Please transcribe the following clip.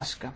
raske.